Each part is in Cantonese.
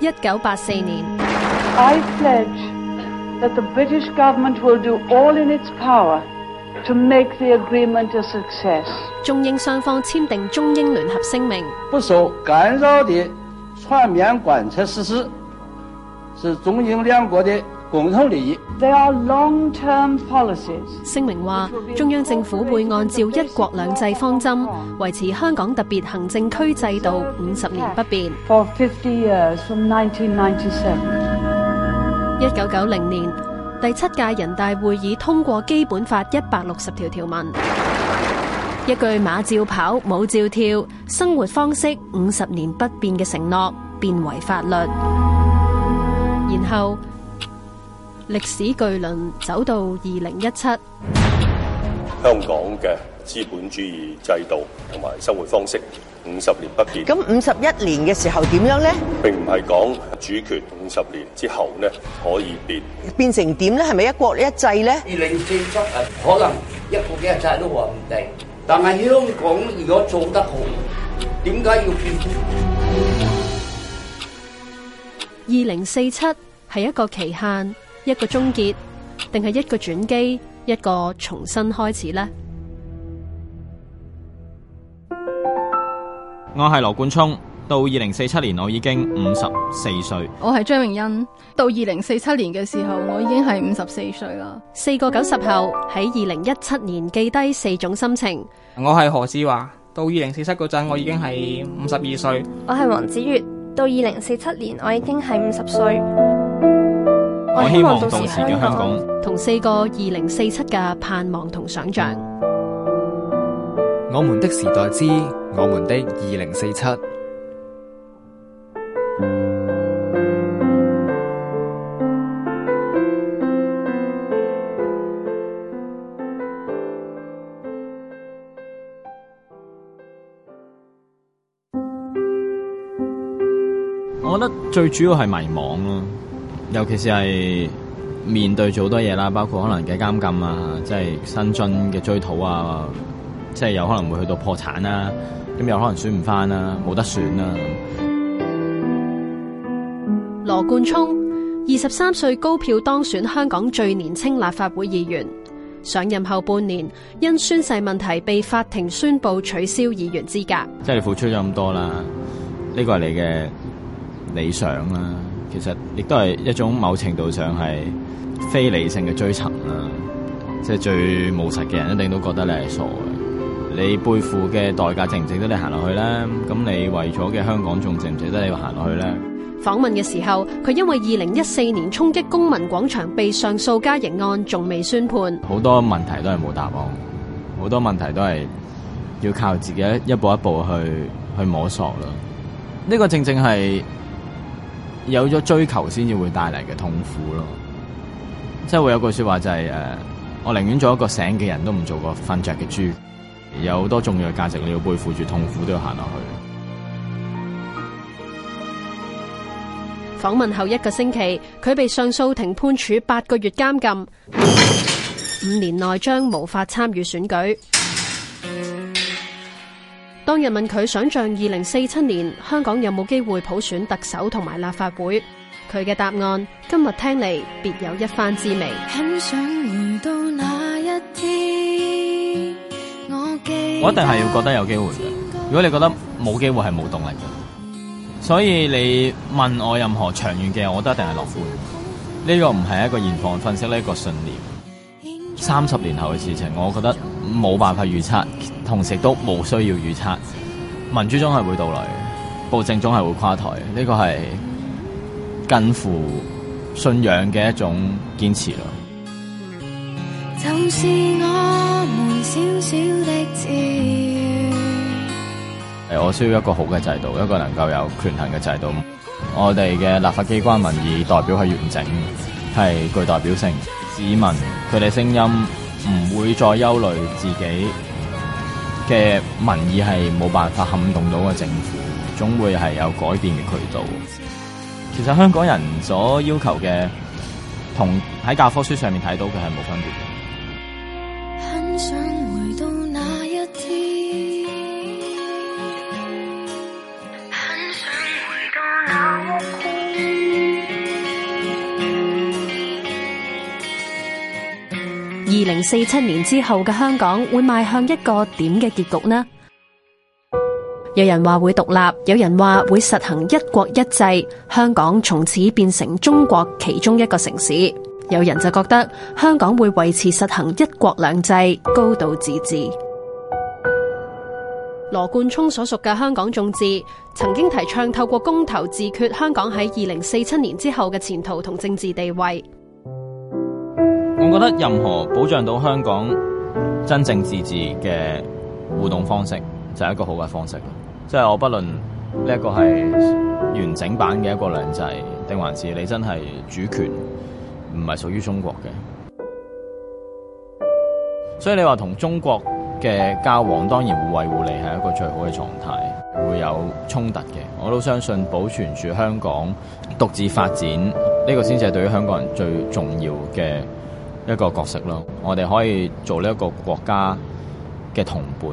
一九八四年，中英雙方簽訂中英聯合聲明，不受干擾的全面貫徹實施，是中英兩國的共州利益。聲明話，中央政府會按照一國兩制方針，維持香港特別行政區制度五十年不變。一九九零年，第七屆人大會議通過《基本法》一百六十條條文，一句馬照跑，舞照跳，生活方式五十年不變嘅承諾變為法律，然後。歷史巨輪走到二零一七，香港嘅資本主義制度同埋生活方式五十年不變。咁五十一年嘅時候點樣咧？並唔係講主權五十年之後咧可以變變成點咧？係咪一國一制咧？二零四七誒，可能一百幾十載都話唔定。但係香港如果做得好，點解要變？二零四七係一個期限。一個終結，定係一個轉機，一個重新開始呢？我係羅冠聰，到二零四七年我已經五十四歲。我係張穎欣，到二零四七年嘅時候我已經係五十四歲啦。四個九十後喺二零一七年記低四種心情。我係何志華，到二零四七嗰陣我已經係五十二歲。我係黃子悅，到二零四七年我已經係五十歲。我希望到時嘅香港同四個二零四七嘅盼望同想像。我們的時代之我們的二零四七。我覺得最主要係迷惘咯。尤其是係面對咗好多嘢啦，包括可能嘅監禁啊，即係薪津嘅追討啊，即係有可能會去到破產啦，咁有可能選唔返啦，冇得選啦。羅冠聰，二十三歲高票當選香港最年青立法會議員，上任後半年因宣誓問題被法庭宣布取消議員資格。即係你付出咗咁多啦，呢個係你嘅理想啦。其實亦都係一種某程度上係非理性嘅追尋啦，即係最務實嘅人一定都覺得你係傻嘅。你背負嘅代價值唔值得你行落去咧？咁你為咗嘅香港仲值唔值得你行落去咧？訪問嘅時候，佢因為二零一四年衝擊公民廣場被上訴加刑案仲未宣判，好多問題都係冇答案，好多問題都係要靠自己一步一步去去摸索啦。呢個正正係。有咗追求先至會帶嚟嘅痛苦咯，即係會有句說話就係、是、誒，我寧願做一個醒嘅人都唔做個瞓着嘅豬。有好多重要嘅價值你要背負住，痛苦都要行落去。訪問後一個星期，佢被上訴庭判處八個月監禁，五年內將無法參與選舉。當日問佢想象二零四七年香港有冇機會普選特首同埋立法會？佢嘅答案今日聽嚟別有一番滋味。我一定係要覺得有機會嘅，如果你覺得冇機會係冇動力嘅，所以你問我任何長遠嘅，我都一定係樂觀的。呢個唔係一個現況分析，呢一個信念。三十年後嘅事情，我覺得。冇辦法預測，同時都冇需要預測。民主總係會到來嘅，暴政總係會垮台，呢個係近乎信仰嘅一種堅持咯。係我，我需要一個好嘅制度，一個能夠有權衡嘅制度。我哋嘅立法機關、民意代表係完整，係具代表性。市民佢哋聲音。唔會再憂慮自己嘅民意係冇辦法撼動到個政府，總會係有改變嘅渠道。其實香港人所要求嘅，同喺教科書上面睇到嘅係冇分別嘅。很想回到那一天二零四七年之後嘅香港會邁向一個點嘅結局呢？有人話會獨立，有人話會實行一國一制，香港從此變成中國其中一個城市。有人就覺得香港會維持實行一國兩制，高度自治。羅冠聰所屬嘅香港眾志曾經提倡透過公投自決香港喺二零四七年之後嘅前途同政治地位。我覺得任何保障到香港真正自治嘅互動方式，就係一個好嘅方式。即係我不論呢一個係完整版嘅一國兩制，定還是你真係主權唔係屬於中國嘅。所以你話同中國嘅交往，當然會維護你係一個最好嘅狀態，會有衝突嘅。我都相信保存住香港獨自發展呢個，先至係對於香港人最重要嘅。一個角色咯，我哋可以做呢一個國家嘅同伴，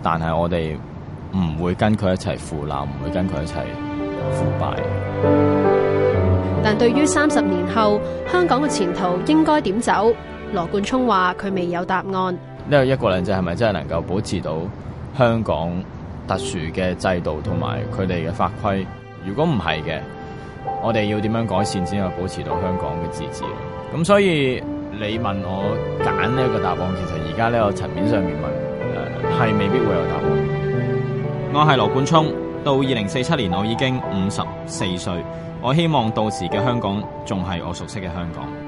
但係我哋唔會跟佢一齊腐爛，唔會跟佢一齊腐敗。但對於三十年後香港嘅前途應該點走，羅冠聰話佢未有答案。呢、這個一國兩制係咪真係能夠保持到香港特殊嘅制度同埋佢哋嘅法規？如果唔係嘅，我哋要點樣改善先可以保持到香港嘅自治？咁所以。你問我揀呢個答案，其實而家呢個層面上面問，係、呃、未必會有答案。我係羅冠聰，到二零四七年我已經五十四歲，我希望到時嘅香港仲係我熟悉嘅香港。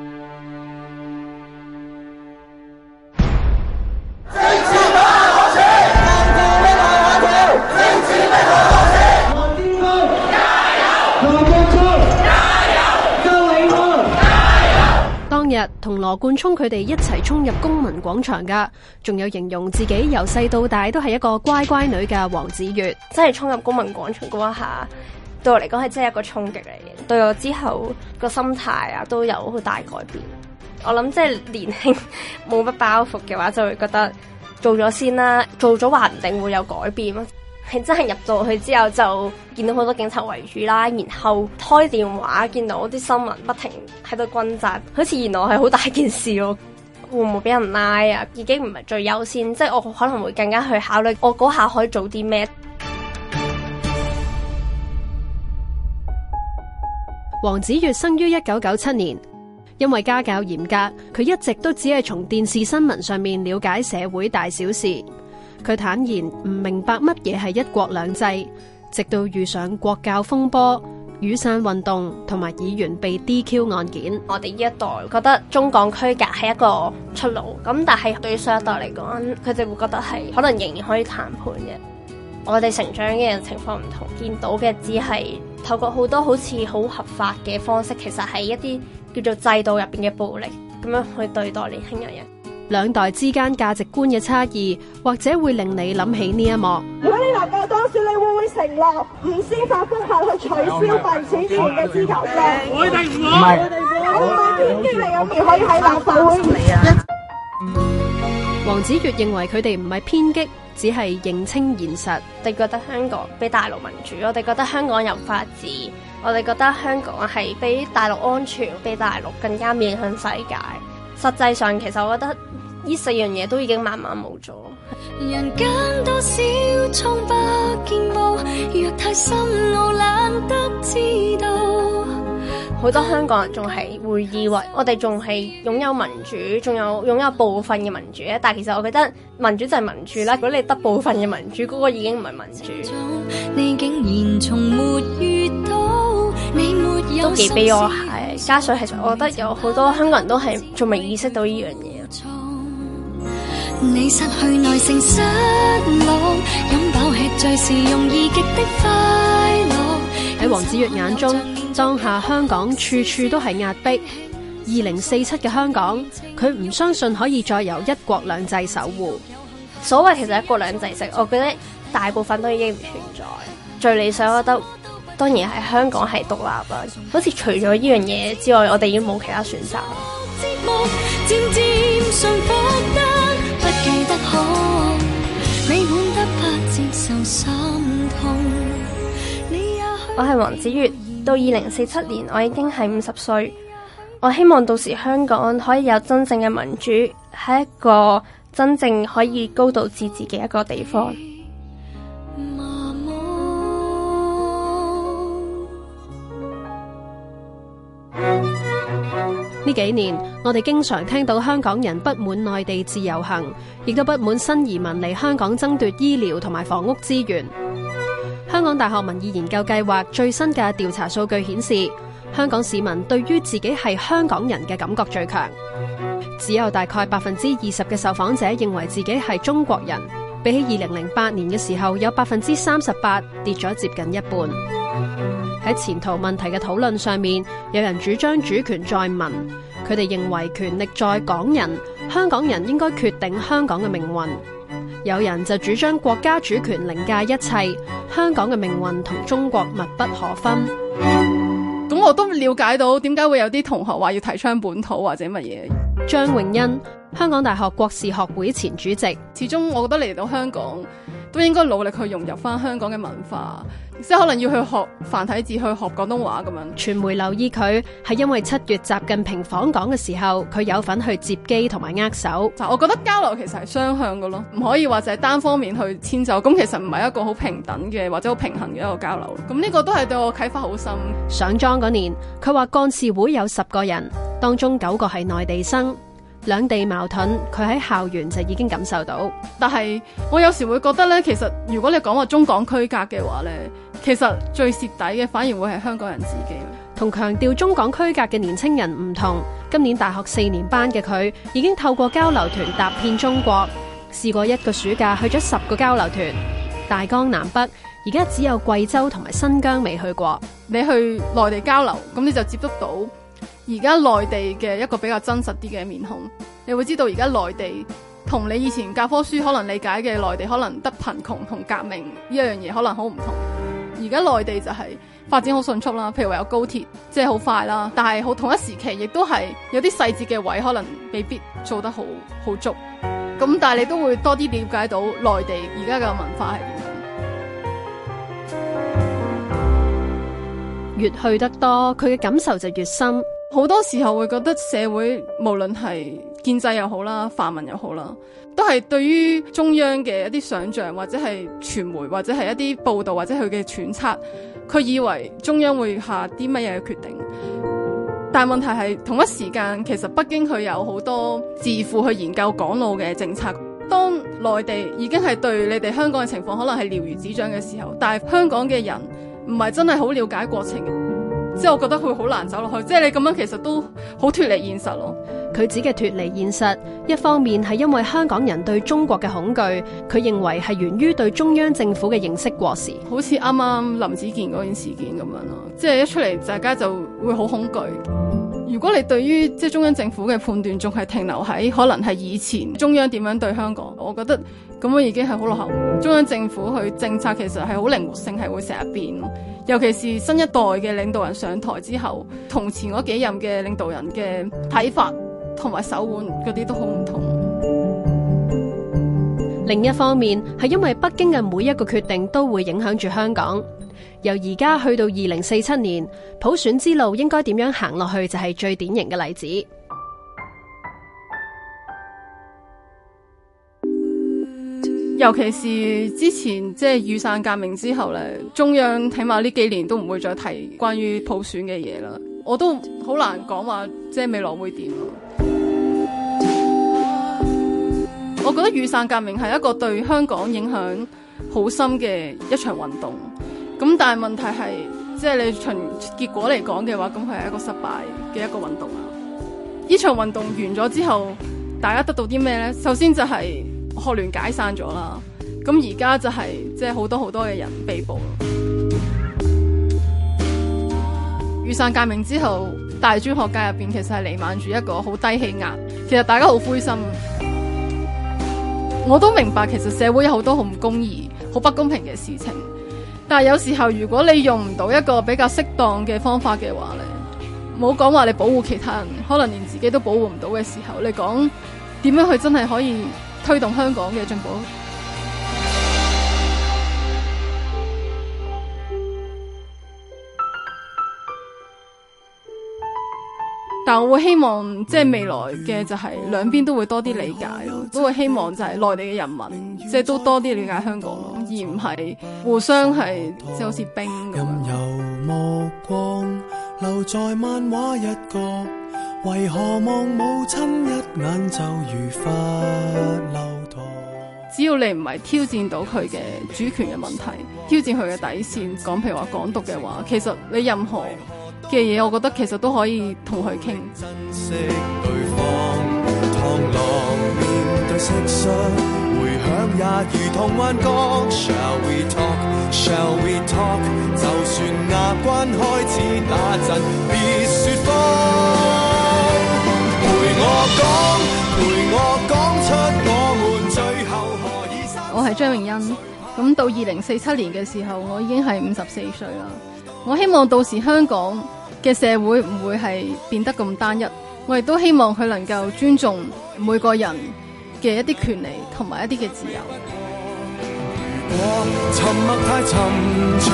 日同羅冠聰佢哋一齊衝入公民廣場噶，仲有，形容自己由細到大都係一個乖乖女嘅黃子悅，真係衝入公民廣場嗰一下，對我嚟講係真係一個衝擊嚟嘅。對我之後個心態啊都有好大改變。我諗即係年輕冇乜包袱嘅話，就會覺得做咗先啦，做咗話唔定會有改變咯。真係入到去之後，就見到好多警察圍住啦，然後開電話見到啲新聞不停喺度轟炸，好似原來係好大件事咯。會唔會俾人拉啊？已經唔係最優先，即係我可能會更加去考慮我嗰下可以做啲咩。王子月生於一九九七年，因為家教嚴格，佢一直都只係從電視新聞上面了解社會大小事。佢坦言唔明白乜嘢係一國兩制，直到遇上國教風波、雨傘運動同埋議員被 DQ 案件。我哋呢一代覺得中港區隔係一個出路，咁但係對於上一代嚟講，佢哋會覺得係可能仍然可以談判嘅。我哋成長嘅情況唔同，見到嘅只係透過好多好似好合法嘅方式，其實係一啲叫做制度入邊嘅暴力咁樣去對待年輕人。兩代之間價值觀嘅差異，或者會令你諗起呢一幕。如果你能夠當選，你會唔會承諾唔先發公函去取消廢紙錢嘅資格咧？黃子悅認為佢哋唔係偏激，只係認清現實。我哋覺得香港比大陸民主，我哋覺得香港有法治，我哋覺得香港係比大陸安全，比大陸更加面向世界。實際上，其實我覺得呢四樣嘢都已經慢慢冇咗。人間多少從不見，若太深奧難得知道。好多香港人仲係會以為我哋仲係擁有民主，仲有擁有部分嘅民主，但係其實我覺得民主就係民主啦。如果你得部分嘅民主，嗰、那個已經唔係民主。你竟然從沒遇到。都幾悲哀係加上，其實我覺得有好多香港人都係仲未意識到呢樣嘢。你失去耐性，失去性望，飲是醉時容易極的快樂喺，王子玥眼中，當下香港處處都係壓迫。二零四七嘅香港，佢唔相信可以再由一國兩制守護。所謂，其實一國兩制食我覺得大部分都已經唔存在。最理想，我覺得。當然係香港係獨立啦，好似除咗呢樣嘢之外，我哋已經冇其他選擇 我係黃子悅，到二零四七年我已經係五十歲。我希望到時香港可以有真正嘅民主，係一個真正可以高度自治嘅一個地方。呢幾年，我哋經常聽到香港人不滿內地自由行，亦都不滿新移民嚟香港爭奪醫療同埋房屋資源。香港大學民意研究計劃最新嘅調查數據顯示，香港市民對於自己係香港人嘅感覺最強，只有大概百分之二十嘅受訪者認為自己係中國人。比起二零零八年嘅時候，有百分之三十八，跌咗接近一半。喺前途問題嘅討論上面，有人主張主權在民，佢哋認為權力在港人，香港人應該決定香港嘅命運。有人就主張國家主權凌駕一切，香港嘅命運同中國密不可分。咁我都不了解到點解會有啲同學話要提倡本土或者乜嘢？張永欣。香港大學國事學會前主席，始終我覺得嚟到香港都應該努力去融入翻香港嘅文化，即係可能要去學繁體字，去學廣東話咁樣。傳媒留意佢係因爲七月習近平訪港嘅時候，佢有份去接機同埋握手。我覺得交流其實係雙向嘅咯，唔可以話淨係單方面去遷就工。咁其實唔係一個好平等嘅或者好平衡嘅一個交流。咁呢個都係對我啟發好深。上莊嗰年，佢話幹事會有十個人，當中九個係內地生。兩地矛盾，佢喺校園就已經感受到。但係我有時會覺得咧，其實如果你講話中港區隔嘅話咧，其實最蝕底嘅反而會係香港人自己。同強調中港區隔嘅年青人唔同，今年大學四年班嘅佢，已經透過交流團踏遍中國，試過一個暑假去咗十個交流團，大江南北，而家只有貴州同埋新疆未去過。你去內地交流，咁你就接觸到。而家內地嘅一個比較真實啲嘅面孔，你會知道而家內地同你以前教科書可能理解嘅內地可能得貧窮同革命呢一樣嘢可能好唔同。而家內地就係發展好迅速啦，譬如話有高鐵，即係好快啦。但係好同一時期，亦都係有啲細節嘅位可能未必做得好好足。咁但係你都會多啲了解到內地而家嘅文化係點樣。越去得多，佢嘅感受就越深。好多時候會覺得社會無論係建制又好啦、泛民又好啦，都係對於中央嘅一啲想像，或者係傳媒，或者係一啲報道，或者佢嘅揣測，佢以為中央會下啲乜嘢決定。但問題係同一時間，其實北京佢有好多自負去研究港澳嘅政策。當內地已經係對你哋香港嘅情況可能係了如指掌嘅時候，但係香港嘅人唔係真係好了解國情。即係我覺得佢好難走落去，即係你咁樣其實都好脫離現實咯。佢指嘅脫離現實，一方面係因為香港人對中國嘅恐懼，佢認為係源於對中央政府嘅認識過時，好似啱啱林子健嗰件事件咁樣咯。即係一出嚟，大家就會好恐懼。如果你對於即係中央政府嘅判斷仲係停留喺可能係以前中央點樣對香港，我覺得咁樣已經係好落後。中央政府佢政策其實係好靈活性，係會成日變。尤其是新一代嘅領導人上台之後，同前嗰幾任嘅領導人嘅睇法同埋手腕嗰啲都好唔同。另一方面係因為北京嘅每一個決定都會影響住香港。由而家去到二零四七年普選之路應該點樣行落去，就係最典型嘅例子。尤其是之前即係、就是、雨傘革命之後咧，中央起碼呢幾年都唔會再提關於普選嘅嘢啦。我都好難講話即係未來會點咯。我覺得雨傘革命係一個對香港影響好深嘅一場運動。咁但係問題係，即係你從結果嚟講嘅話，咁佢係一個失敗嘅一個運動啊！呢場運動完咗之後，大家得到啲咩呢？首先就係學聯解散咗啦。咁而家就係即係好多好多嘅人被捕。雨傘革命之後，大專學界入邊其實係彌漫住一個好低氣壓。其實大家好灰心。我都明白，其實社會有好多好唔公義、好不公平嘅事情。但係有時候，如果你用唔到一個比較適當嘅方法嘅話呢，冇講話你保護其他人，可能連自己都保護唔到嘅時候，你講點樣去真係可以推動香港嘅進步？但我會希望，即係未來嘅就係兩邊都會多啲理解，都會希望就係內地嘅人民，即係都多啲了解香港，而唔係互相係即、就是、好似冰咁樣。任由目光，留在漫畫一角。為何望母親一眼就如罰留堂。只要你唔係挑戰到佢嘅主權嘅問題，挑戰佢嘅底線，講譬如話港獨嘅話，其實你任何。嘅嘢，我覺得其實都可以同佢傾。珍惜對方螳螂面對色相回響也如同灣光 Shall we talk Shall we talk 就算牙關開始打震別說謊陪我講陪我講出我們最後可以我係張榮欣，咁到二零四七年嘅時候我已經係五十四歲啦，我希望到時香港嘅社會唔會係變得咁單一，我亦都希望佢能夠尊重每個人嘅一啲權利同埋一啲嘅自由。如果沉默太沉重，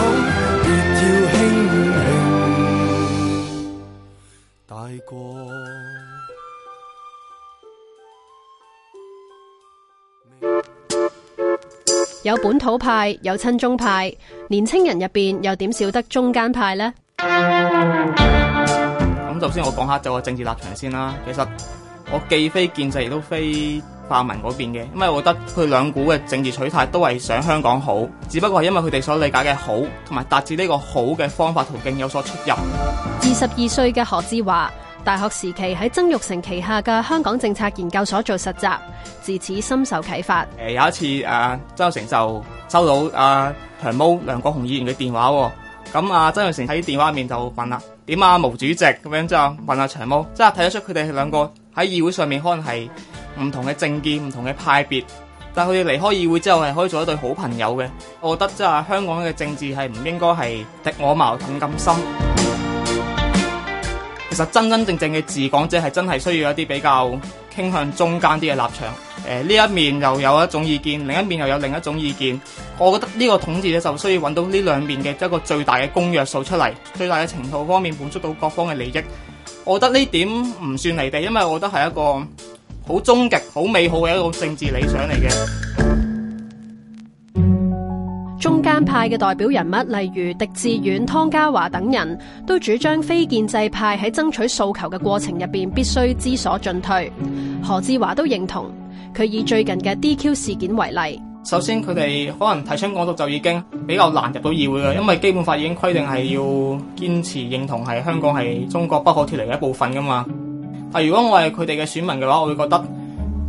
別要輕輕帶過。有本土派，有親中派，年青人入邊又點少得中間派呢？咁首先我講下就政治立場先啦。其實我既非建制亦都非泛民嗰邊嘅，因為我覺得佢兩股嘅政治取態都係想香港好，只不過係因為佢哋所理解嘅好，同埋達至呢個好嘅方法途徑有所出入。二十二歲嘅何志華，大學時期喺曾鈺成旗下嘅香港政策研究所做實習，自此深受啟發。誒、呃，有一次誒、呃，曾鈺成就收到阿長毛梁國雄議員嘅電話。咁啊，曾鈺成喺電話面就問啦，點啊？毛主席咁樣就問阿長毛，即係睇得出佢哋兩個喺議會上面可能係唔同嘅政見、唔同嘅派別，但係佢哋離開議會之後係可以做一對好朋友嘅。我覺得即係香港嘅政治係唔應該係敵我矛盾咁深。其實真真正正嘅治港者係真係需要一啲比較傾向中間啲嘅立場。誒呢一面又有一種意見，另一面又有另一種意見。我覺得呢個統治者就需要揾到呢兩面嘅一個最大嘅公約數出嚟，最大嘅程度方面滿足到各方嘅利益。我覺得呢點唔算離地，因為我覺得係一個好終極、好美好嘅一個政治理想嚟嘅。中間派嘅代表人物例如狄志遠、湯家驊等人都主張非建制派喺爭取訴求嘅過程入面必須知所進退。何志華都認同。佢以最近嘅 DQ 事件為例，首先佢哋可能提出港獨就已經比較難入到議會啦，因為基本法已經規定係要堅持認同係香港係中國不可脫離嘅一部分噶嘛。但如果我係佢哋嘅選民嘅話，我會覺得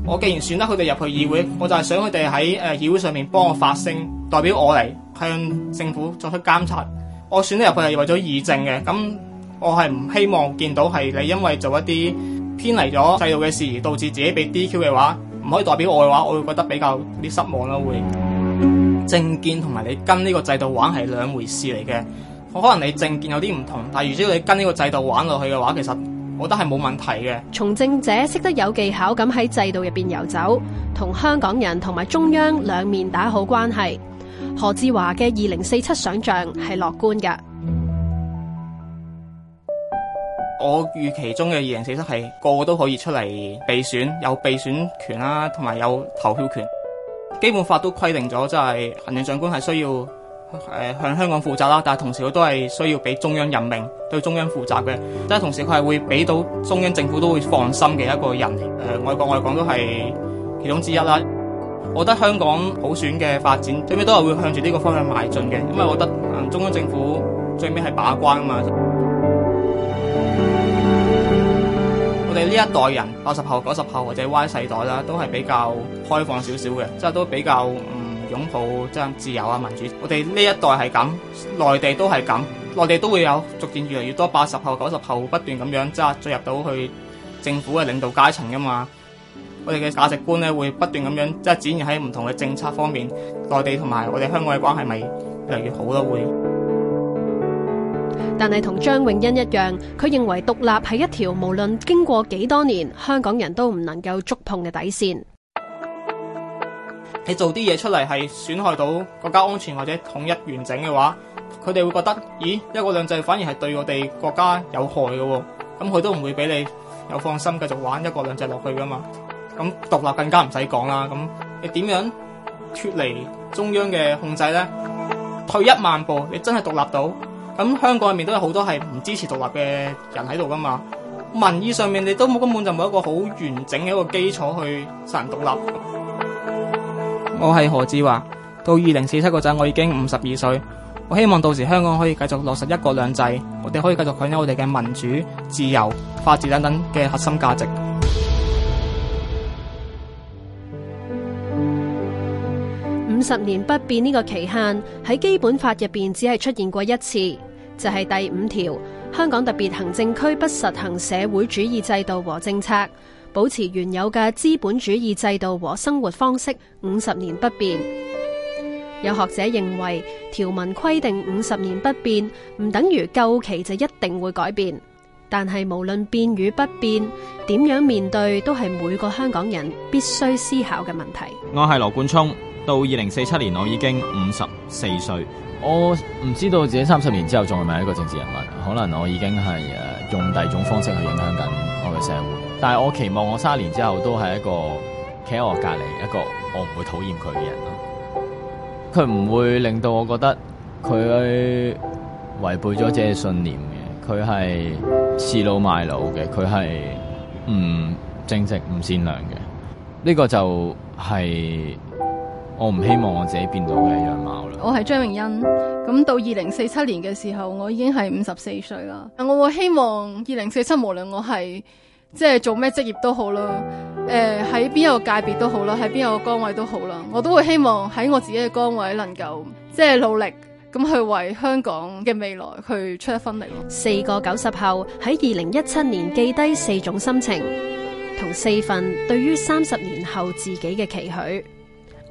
我既然選得佢哋入去議會，我就係想佢哋喺誒議會上面幫我發聲，代表我嚟向政府作出監察。我選得入去係為咗議政嘅，咁我係唔希望見到係你因為做一啲偏離咗制度嘅事而導致自己被 DQ 嘅話。唔可以代表我嘅話，我會覺得比較啲失望啦。會政見同埋你跟呢個制度玩係兩回事嚟嘅。可能你政見有啲唔同，但係如果你跟呢個制度玩落去嘅話，其實我覺得係冇問題嘅。從政者識得有技巧咁喺制度入面遊走，同香港人同埋中央兩面打好關係。何志華嘅2047想像係樂觀嘅。我預期中嘅二零四七係個個都可以出嚟備選，有備選權啦，同埋有投票權。基本法都規定咗，即係行政長官係需要向香港負責啦，但係同時佢都係需要俾中央任命，對中央負責嘅。即係同時佢係會俾到中央政府都會放心嘅一個人嚟。外國外港都係其中之一啦。我覺得香港普選嘅發展最尾都係會向住呢個方向邁進嘅，因為我覺得中央政府最尾係把關啊嘛。我哋呢一代人，八十後、九十後或者 Y 世代啦，都係比較開放少少嘅，即係都比較嗯擁抱即係自由啊、民主。我哋呢一代係咁，內地都係咁，內地都會有逐漸越嚟越多八十後、九十後不斷咁樣，即係進入到去政府嘅領導階層噶嘛。我哋嘅價值觀咧會不斷咁樣，即係展現喺唔同嘅政策方面，內地同埋我哋香港嘅關係咪越嚟越好咯，會。但係同張永欣一樣，佢認為獨立係一條無論經過幾多年，香港人都唔能夠觸碰嘅底線。你做啲嘢出嚟係損害到國家安全或者統一完整嘅話，佢哋會覺得，咦，一國兩制反而係對我哋國家有害嘅，咁佢都唔會俾你有放心繼續玩一國兩制落去噶嘛。咁獨立更加唔使講啦。咁你點樣脱離中央嘅控制呢？退一萬步，你真係獨立到？咁香港入面都有好多係唔支持獨立嘅人喺度噶嘛？民意上面你都冇根本就冇一個好完整嘅一個基礎去實現獨立。我係何志華，到二零四七嗰陣，我已經五十二歲。我希望到時香港可以繼續落實一國兩制，我哋可以繼續強韌我哋嘅民主、自由、法治等等嘅核心價值。五十年不變呢個期限喺基本法入面只係出現過一次。就係、是、第五條，香港特別行政區不實行社會主義制度和政策，保持原有嘅資本主義制度和生活方式五十年不變。有學者認為，條文規定五十年不變，唔等於到期就一定會改變。但係無論變與不變，點樣面對都係每個香港人必須思考嘅問題。我係羅冠聰，到二零四七年我已經五十四歲。我唔知道自己三十年之後仲係咪一個政治人物，可能我已經係誒用第二種方式去影響緊我嘅社會。但係我期望我三十年之後都係一個企喺我隔離一個我唔會討厭佢嘅人咯。佢唔會令到我覺得佢違背咗自己嘅信念嘅，佢係恃老賣老嘅，佢係唔正直唔善良嘅。呢個就係。我唔希望我自己變到嘅樣貌啦。我係張榮欣，咁到二零四七年嘅時候，我已經係五十四歲啦。我會希望二零四七，無論我係即係做咩職業都好啦，誒喺邊個界別都好啦，喺邊個崗位都好啦，我都會希望喺我自己嘅崗位能夠即係努力，咁去為香港嘅未來去出一分力。四個九十後喺二零一七年記低四種心情同四份對於三十年後自己嘅期許。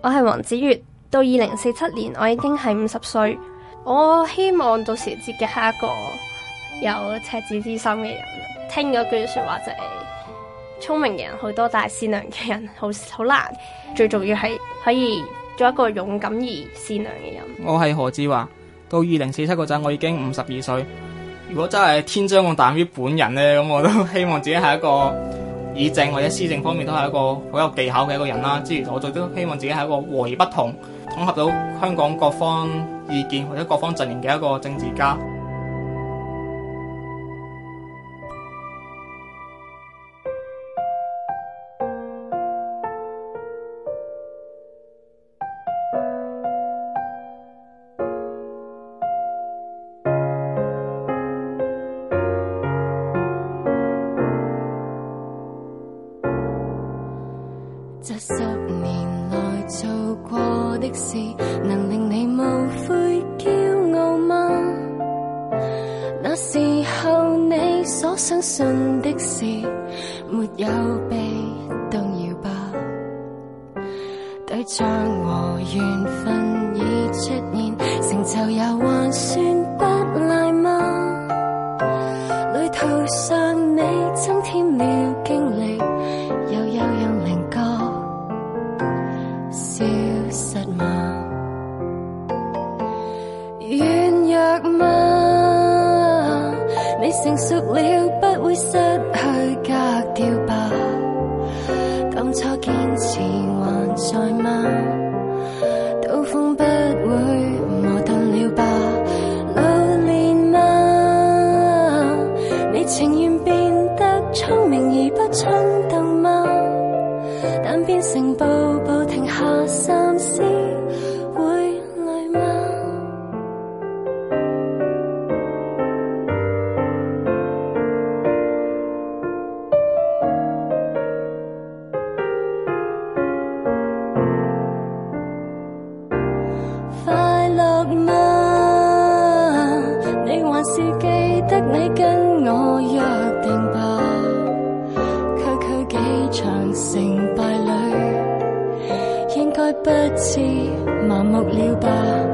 我係黃子悅，到二零四七年我已經係五十歲，我希望到時自己係一個有赤子之心嘅人。聽嗰句說話就係，聰明嘅人好多，但係善良嘅人好好難。最重要係可以做一個勇敢而善良嘅人。我係何志華，到二零四七嗰陣我已經五十二歲。如果真係天將我大於本人呢，咁我都希望自己係一個以政或者施政方面都係一個好有技巧嘅一個人啦。之餘，我最都希望自己係一個和而不同，統合到香港各方意見或者各方陣營嘅一個政治家。我約定吧，區區幾場成敗裏，應該不至盲目了吧。